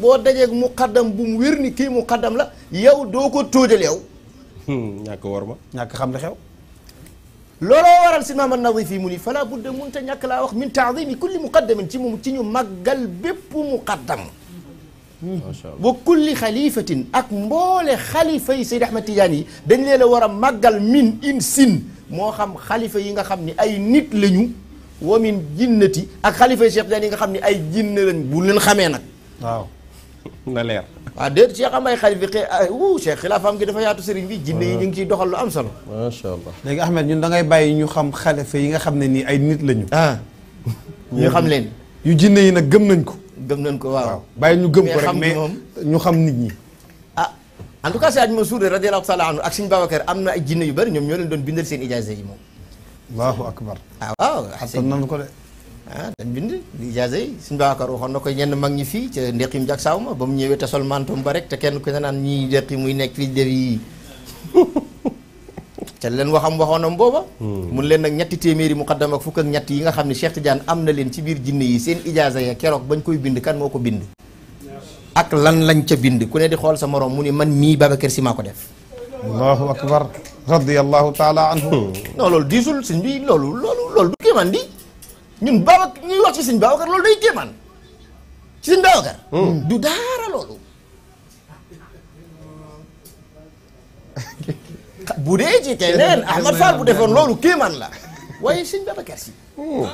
boo dajeeg muqaddam bu mu wér ni kii muqaddam la yow doo ko tóojal yow. ñàkk war ma ñàkk xam la xew. looloo waral si maam an-Nazifi yi mu ni fala budda munta ñàkk laa wax min taadimi kulli muqaddamin ci moom ci ñu màggal bépp muqaddam. macha allah wa kulli xalifatin ak mboole xalifa yi Seydi Ahmad Tidiane yi dañ leen a war a màggal min in sin moo xam xalifa yi nga xam ni ay nit lañu. wa min jinnati ak xalifa yi Cheikh Tidiane yi nga xam ni ay jinn lañ bu leen xamee nag. waaw. na leer waaw déet Cheikh am ay xarit bi xëy ah, wuu Cheikh xilaafaam gi dafa yaatu sëriñ bi jinne yi ñu ngi ciy doxal lu am solo macha allah léegi Ahmed ñun da ngay bàyyi ñu xam xalifa yi nga xam ne nii ay nit lañu ah ñu xam leen yu jinne yi nag gëm nañ ko gëm nañ ko waaw bàyyi ñu gëm ko rek mais ñu xam nit ñi ah en tout cas si aj Mansour radiyallahu taala anhu ak suñu Babacar am na ay jinne yu bari ñoom ñoo leen doon bindal seen ijaasa yi moom allahu akbar ah waaw xasan ko ah dañ bind lijaasa yi suñu baakar waxoon na ko ñenn mag ñi fii ca ndéqim jak saaw ma ba mu ñëwee te sol mantom ba rek te kenn ku ne naan ñii ndéqi muy nekk fii def hmm. mun leen nag ñetti téeméeri muqaddam ak fukk ak ñett yi nga xam ne Cheikh Tidiane am na leen ci biir jinne yi seen ijaasa ya bañ koy bind kan moo ko bind ak lan lañ ca bind ku ne di xool sa moroom mu ni man mii Babacar Si maa ko def allahu hmm. loolu diisul suñ bi loolu loolu loolu du kéemaan di ñun Babacar ñuy wax ci sëñ Babacar loolu day kéemaan ci sëñ Babacar. Hmm. du daara loolu. bu dee ci keneen Ahmad Fall bu defoon loolu kéemaan la waaye sëñ Babacar si. Hmm.